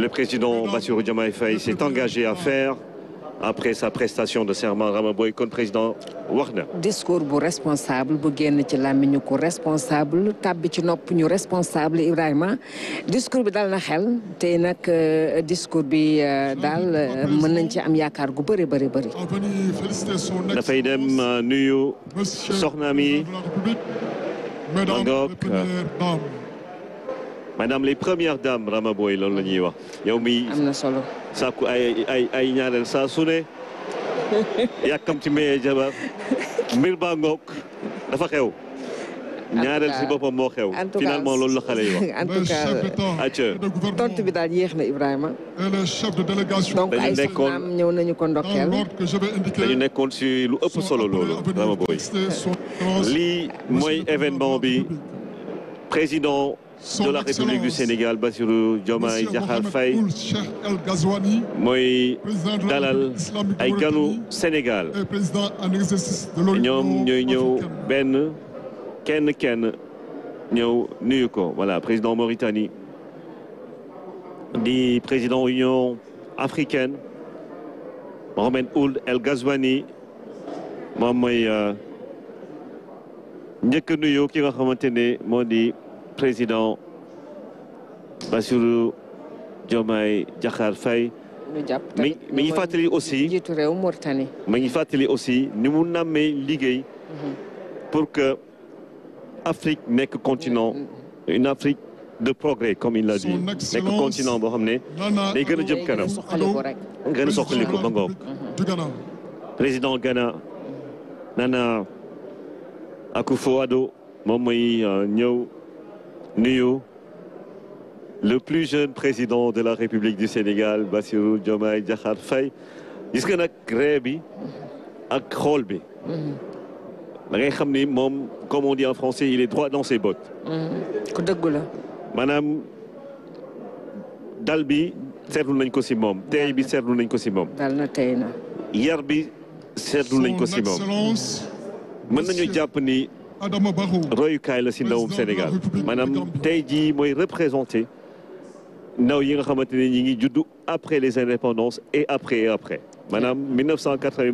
le président Bassirou Diomaye Faye s'est engagé à faire après sa prestation de serment Rama Boy kon président wax na. discours bu responsable bu génn ci làmmiñu ko responsable tàbbi ci nopp ñu responsable Ibrahima discours bi dal na xel tey nag euh, discours bi euh, daal euh, mën nañ ci am yaakaar gu bëri bëri bëri. dafay dem nuyu maanaam les premières dames Rama loolu la ñuy wax. yow mi am na solo. sàkku ay ay ay ñaareel saa su ne yàkkam ci mayee jabar mbir baa dafa xew. ñaareel si boppam moo xew. finalement loolu la xale yi wax. en tout daal yéex na Ibrahima. donc ay soxnaam ñëw ko ndokkeel. dañu si lu ëpp solo loolu Rama mooy événement bi président. de la République du Sénégal Bassirou Diomaye Diakhar Faye mooy dalal ay ganu Sénégal ñoom ñooy ñëw benn kenn kenn ñëw nuyu ko voilà président Mauritanie di président Union africaine Mohamed Ould El Ghazouani moom mooy euh, njëkk nuyu ki nga xamante ne moo di président Bassirou Diomaye Diakhar Faye mi ngi fàttali aussi jiitu réew ngi fàttali aussi ni na nàmmee liggéey mhm. pour que Afrique nekk continent mhm. une Afrique de progrès comme il l'a dit nekk continent boo xam ne day gën a jëm kanam gën mhm. président Ghana Nana Akufo-Addo moom mooy euh, ñëw nuyu le plus jeune président de la République du Sénégal Bassirou Diomaye Diakhar Faye gis nga nag ree bi ak xool bi da ngay xam ni moom comme on dit en français il est droit dans ses bottes ku dëggu la maanaam dal bi seetlu nañ ko si moom tey bi seetlu nañ ko si moom dal na tey na yar bi seetlu nañ ko si moom mën nañu jàpp ni royukaay la si ndawum Sénégal maanaam tey jii mooy représenté ndaw yi nga xamante ne ñi ngi juddu après les indépendances et après et après maanaam 1980